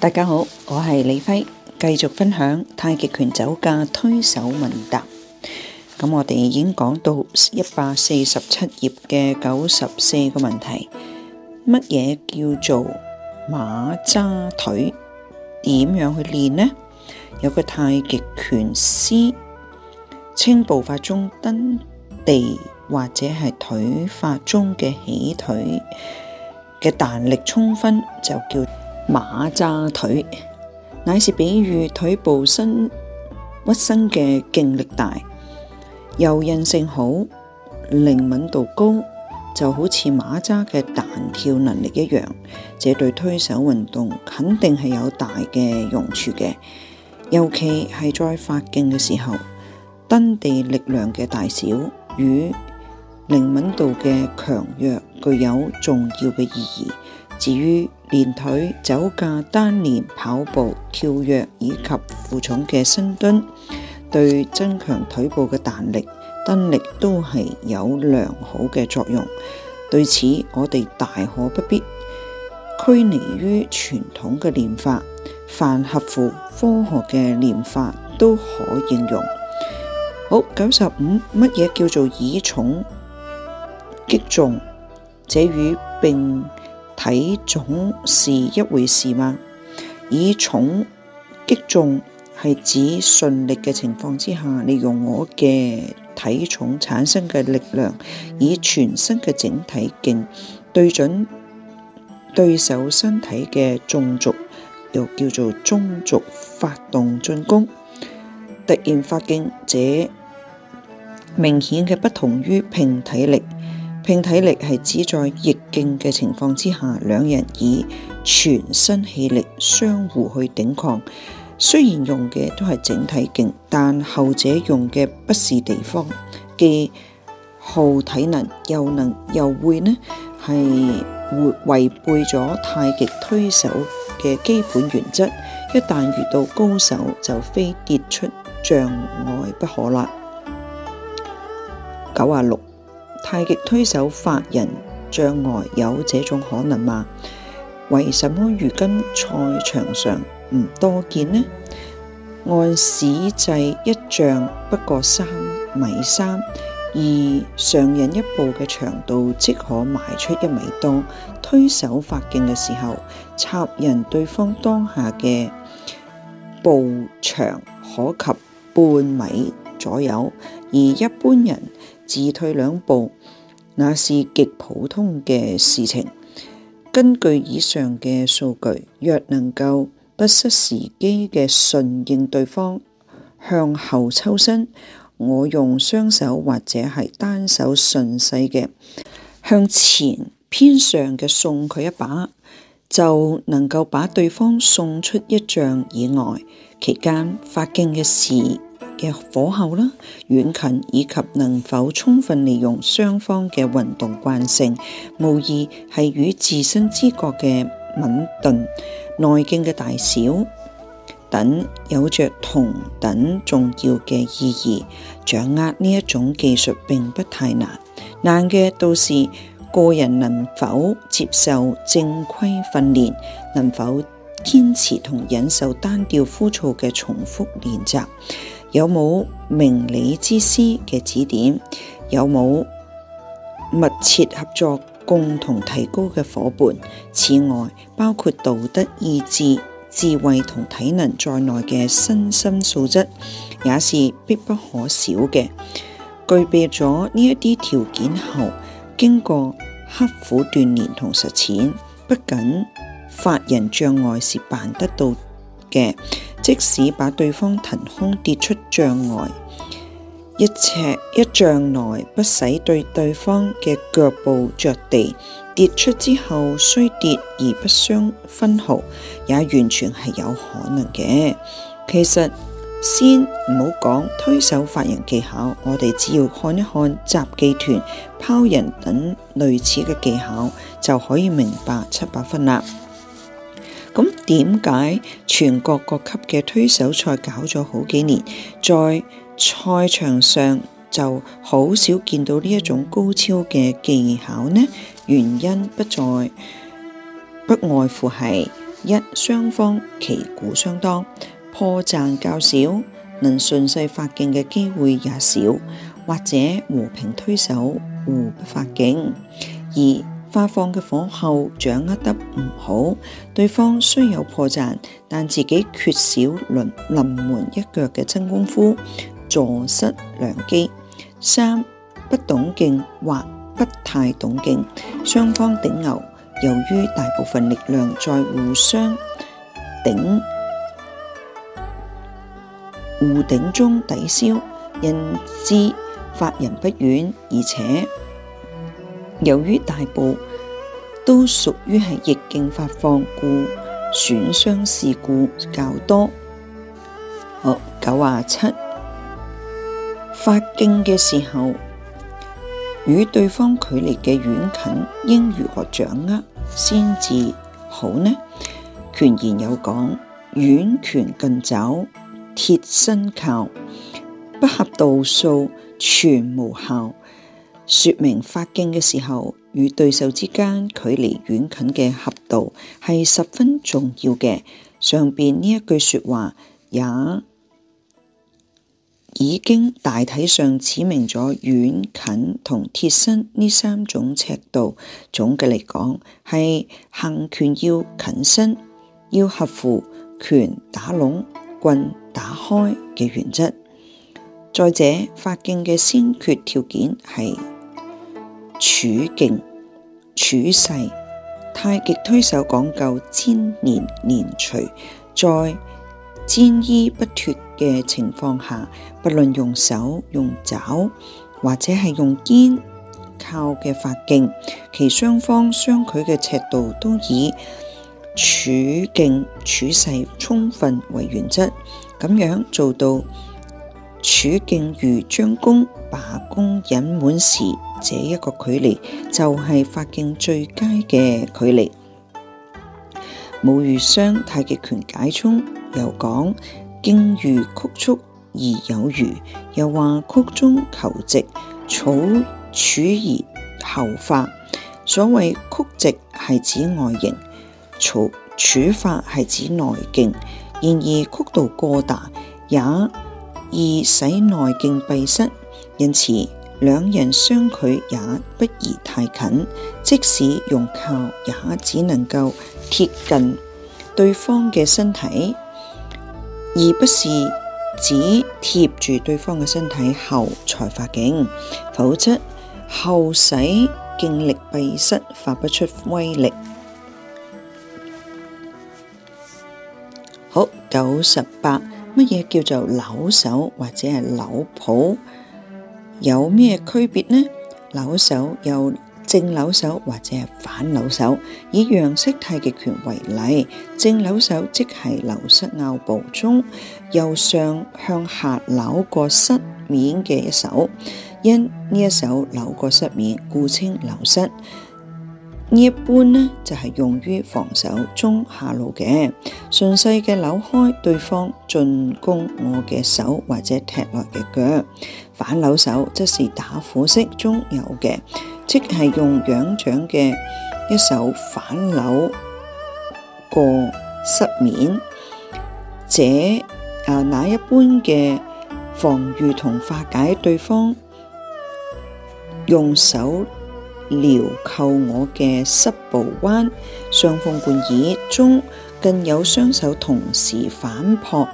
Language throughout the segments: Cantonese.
大家好，我係李輝，繼續分享太極拳走架推手問答。咁我哋已經講到一百四十七頁嘅九十四個問題，乜嘢叫做馬紮腿？點樣去練呢？有個太極拳師稱步法中蹬地或者係腿法中嘅起腿嘅彈力充分就叫。馬扎腿，乃是比喻腿部伸屈伸嘅勁力大，柔韌性好，靈敏度高，就好似馬扎嘅彈跳能力一樣。這對推手運動肯定係有大嘅用處嘅，尤其係在發勁嘅時候，蹬地力量嘅大小與靈敏度嘅強弱具有重要嘅意義。至於練腿、走架、單練、跑步、跳躍以及負重嘅深蹲，對增強腿部嘅彈力、蹬力都係有良好嘅作用。對此，我哋大可不必拘泥於傳統嘅練法，凡合乎科學嘅練法都可應用。好，九十五，乜嘢叫做以重擊重？這與並體重是一回事嘛？以重擊重係指順力嘅情況之下，利用我嘅體重產生嘅力量，以全身嘅整體勁對準對手身體嘅中軸，又叫做中軸發動進攻。突然發勁，這明顯嘅不同於拼體力。拼體力係指在逆境嘅情況之下，兩人以全身氣力相互去頂抗。雖然用嘅都係整體勁，但後者用嘅不是地方，既耗體能，又能又會呢？係會違背咗太極推手嘅基本原則。一旦遇到高手，就非跌出障礙不可啦。九啊六。太極推手發人障礙有這種可能嗎？為什麼如今賽場上唔多見呢？按市制，一丈不過三米三，而上人一步嘅長度即可邁出一米多。推手發勁嘅時候，插人對方當下嘅步長可及半米。左右，而一般人自退兩步，那是極普通嘅事情。根據以上嘅數據，若能夠不失時機嘅順應對方，向後抽身，我用雙手或者係單手順勢嘅向前偏上嘅送佢一把，就能夠把對方送出一丈以外。期間發勁嘅事，嘅火候啦、遠近以及能否充分利用雙方嘅運動慣性，無疑係與自身知覺嘅敏鈍、內勁嘅大小等有着同等重要嘅意義。掌握呢一種技術並不太難，難嘅倒是個人能否接受正規訓練，能否堅持同忍受單調枯燥嘅重複練習。有冇明理之師嘅指點？有冇密切合作、共同提高嘅夥伴？此外，包括道德、意志、智慧同體能在內嘅身心素質，也是必不可少嘅。具備咗呢一啲條件後，經過刻苦鍛煉同實踐，不僅發人障礙是辦得到嘅。即使把對方騰空跌出障礙一尺一丈內，不使對對方嘅腳步着地跌出之後雖跌而不傷分毫，也完全係有可能嘅。其實先唔好講推手發人技巧，我哋只要看一看雜技團拋人等類似嘅技巧，就可以明白七八分啦。咁點解全國各級嘅推手賽搞咗好幾年，在賽場上就好少見到呢一種高超嘅技巧呢？原因不在，不外乎係一、雙方旗鼓相當，破綻較少，能順勢發勁嘅機會也少，或者和平推手互不發勁。二發放嘅火候掌握得唔好，對方雖有破綻，但自己缺少臨臨門一腳嘅真功夫，坐失良機。三不懂勁或不太懂勁，雙方頂牛，由於大部分力量在互相頂互頂中抵消，因之發人不遠，而且。由於大部都屬於係逆境發放故，故損傷事故較多。好，九十七發勁嘅時候，與對方距離嘅遠近應如何掌握先至好呢？拳言有講：遠拳近肘，貼身靠，不合度數全無效。說明發勁嘅時候，與對手之間距離遠近嘅合度係十分重要嘅。上邊呢一句說話也已經大體上指明咗遠近同貼身呢三種尺度。總嘅嚟講，係行拳要近身，要合乎拳打攏、棍打開嘅原則。再者，發勁嘅先決條件係。處勁處勢，太極推手講究粘連連隨，在粘衣不脱嘅情況下，不論用手、用爪或者係用肩靠嘅發勁，其雙方相距嘅尺度都以處勁處勢充分為原則，咁樣做到。蓄勁如張弓，把弓引滿時，這一個距離就係發勁最佳嘅距離。武禹襄太極拳解中，又講勁如曲蓄而有餘，又話曲中求直，草處而後發。所謂曲直係指外形，草處發係指內勁。然而曲度過大也，而使內勁閉塞，因此兩人相距也不宜太近，即使用靠也只能夠貼近對方嘅身體，而不是只貼住對方嘅身體後才發勁，否則後使勁力閉塞，發不出威力。好，九十八。乜嘢叫做摟手或者係摟步？有咩區別呢？摟手又正摟手或者係反摟手？以楊式太極拳為例，正摟手即係摟膝拗步中，由上向下摟過膝面嘅一手，因呢一手摟過膝面，故稱摟膝。一般呢，就係、是、用於防守中下路嘅，順勢嘅扭開對方進攻我嘅手或者踢來嘅腳，反扭手即是打虎式中有嘅，即係用仰掌嘅一手反扭個膝面。這啊那、呃、一般嘅防禦同化解對方用手。撩扣我嘅膝部彎雙風貫耳中，更有雙手同時反撲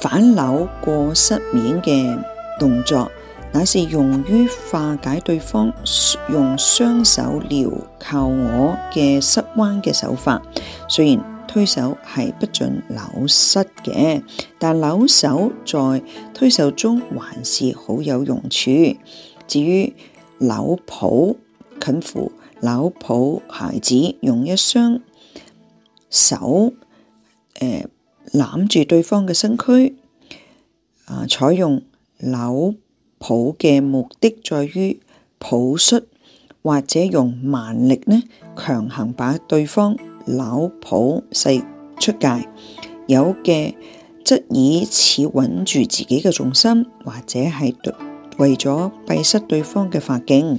反扭過膝面嘅動作，乃是用於化解對方用雙手撩扣我嘅膝彎嘅手法。雖然推手係不准扭膝嘅，但扭手在推手中還是好有用處。至於扭抱，近乎、摟抱、孩子，用一雙手誒攬住對方嘅身軀。啊，採用摟抱嘅目的，在於抱摔或者用蠻力呢，強行把對方摟抱勢出界。有嘅則以此穩住自己嘅重心，或者係為咗閉塞對方嘅發勁。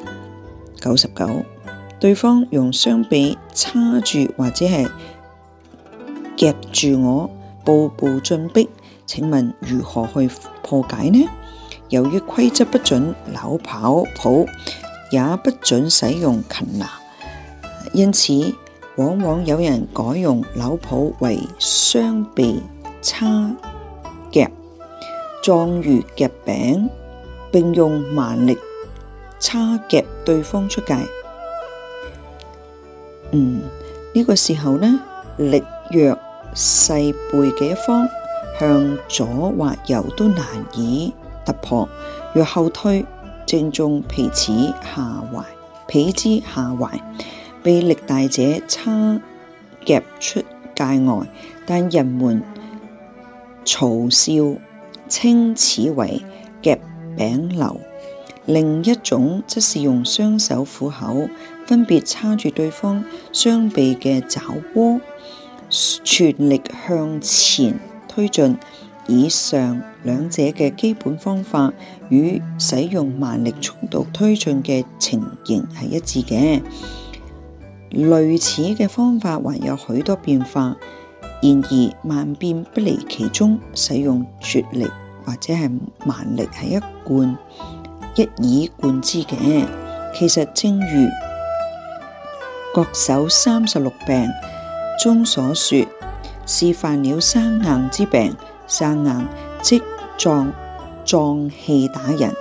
九十九，99，對方用雙臂叉住或者係夾住我，步步進逼。請問如何去破解呢？由於規則不准扭跑抱，也不准使用擒拿，因此往往有人改用扭抱為雙臂叉叉夾，狀如夾餅，並用蠻力。叉夾對方出界，嗯，呢個時候呢，力弱細背嘅一方向左或右都難以突破，若後退正中彼之下懷，彼之下懷被力大者叉夾出界外，但人們嘲笑稱此為夾餅流。另一種則是用雙手虎口分別叉住對方雙臂嘅爪窩，全力向前推進。以上兩者嘅基本方法與使用蠻力速度推進嘅情形係一致嘅。類似嘅方法還有許多變化，然而萬變不離其宗：使用絕力或者係蠻力係一貫。一以貫之嘅，其實正如《國手三十六病》中所說，是犯了生硬之病。生硬即撞撞氣打人，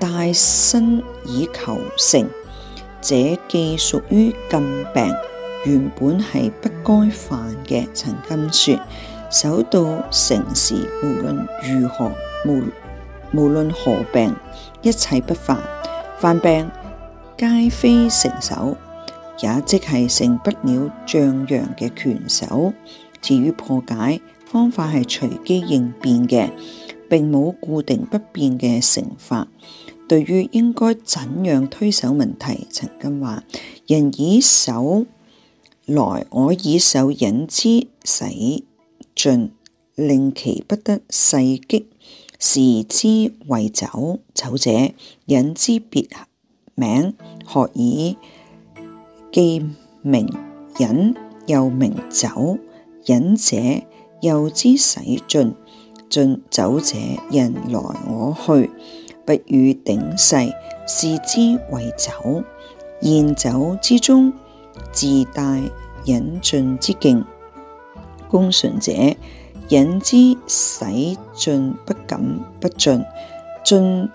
大身以求成，這既屬於禁病，原本係不該犯嘅。陳鑫說：，守到成時，無論如何無。無論何病，一切不犯，犯病皆非成手，也即係成不了像樣嘅拳手。至於破解方法，係隨機應變嘅，並冇固定不變嘅成法。對於應該怎樣推手問題，曾經話：人以手來，我以手引之，使盡，令其不得勢擊。視之為酒，酒者飲之別名，何以既名飲又名酒？飲者又之使盡，盡酒者人來我去，不與頂世。視之為酒。宴酒之中，自帶引盡之境，功成者。引之使盡，不敢不進；進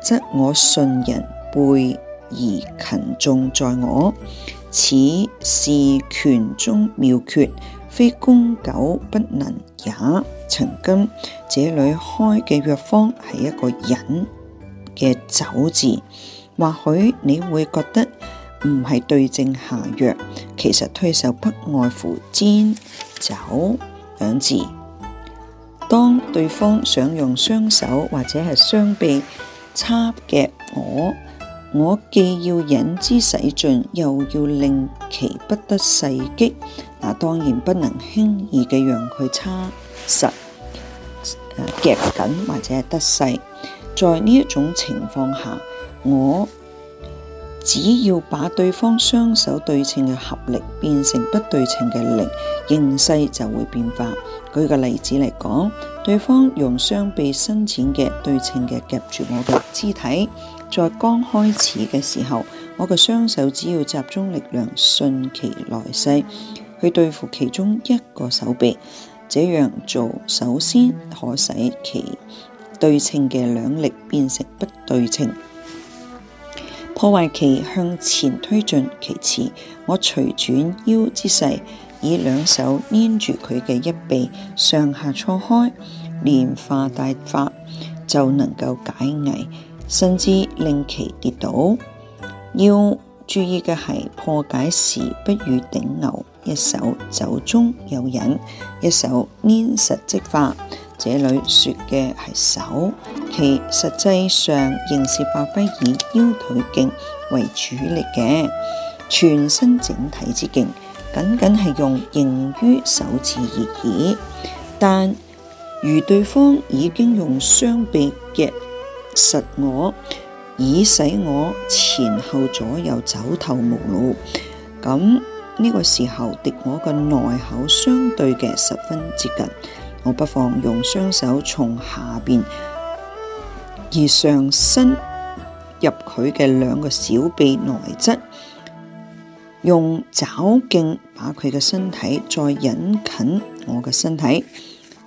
則我順人背而權重在我，此是權中妙訣，非功久不能也。曾經這裏開嘅藥方係一個忍嘅走字，或許你會覺得唔係對症下藥，其實推手不外乎煎走。兩字，當對方想用雙手或者係雙臂插夾我，我既要引之使盡，又要令其不得勢擊，嗱當然不能輕易嘅讓佢插實夾緊或者係得勢，在呢一種情況下，我。只要把對方雙手對稱嘅合力變成不對稱嘅力，形勢就會變化。舉個例子嚟講，對方用雙臂伸展嘅對稱嘅夾住我嘅肢體，在剛開始嘅時候，我嘅雙手只要集中力量順其來勢去對付其中一個手臂，這樣做首先可使其對稱嘅兩力變成不對稱。破壞其向前推進，其次我隨轉腰之勢，以兩手粘住佢嘅一臂，上下錯開，連化帶發就能夠解危，甚至令其跌倒。要注意嘅係破解時，不與頂牛，一手走中有忍，一手粘實即化。這裏說嘅係手，其實際上仍是發揮以腰腿勁為主力嘅，全身整體之勁，僅僅係用凝於手指而已。但如對方已經用雙臂夾實我，以使我前後左右走投無路，咁呢個時候敵我嘅內口相對嘅十分接近。我不妨用雙手從下邊而上伸入佢嘅兩個小臂內側，用爪勁把佢嘅身體再引近我嘅身體。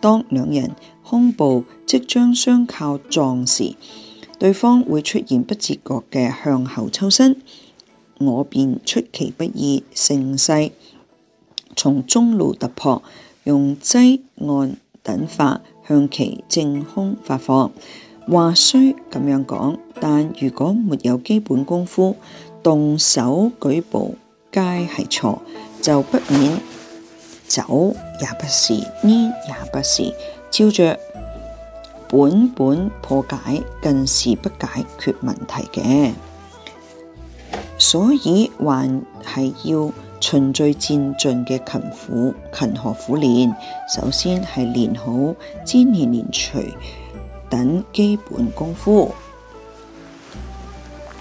當兩人胸部即將相靠撞時，對方會出現不自覺嘅向後抽身，我便出其不意乘勢從中路突破，用擠按。等法向其正空發放，話雖咁樣講，但如果沒有基本功夫，動手舉步皆係錯，就不免走也不是，黏也不是，照着本本破解，更是不解決問題嘅，所以還係要。循序漸進嘅勤苦勤學苦練，首先係練好粘、連、黏隨等基本功夫。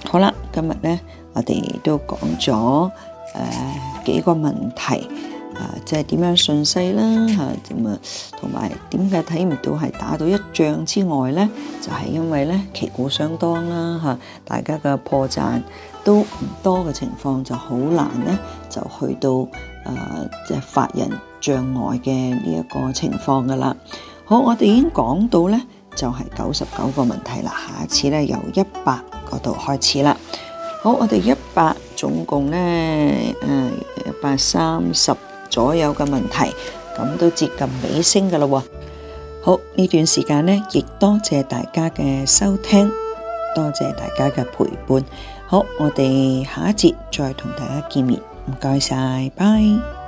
好啦，今日咧我哋都講咗誒、呃、幾個問題，誒、呃、即係點樣順勢啦吓，點啊同埋點解睇唔到係打到一仗之外咧，就係、是、因為咧旗鼓相當啦吓、啊，大家嘅破綻都唔多嘅情況就好難咧。就去到誒，即係發人障礙嘅呢一個情況噶啦。好，我哋已經講到咧，就係九十九個問題啦。下一次咧由一百嗰度開始啦。好，我哋一百總共咧誒一百三十左右嘅問題，咁都接近尾聲噶啦。好，呢段時間咧，亦多謝大家嘅收聽，多謝大家嘅陪伴。好，我哋下一節再同大家見面。唔該晒，拜。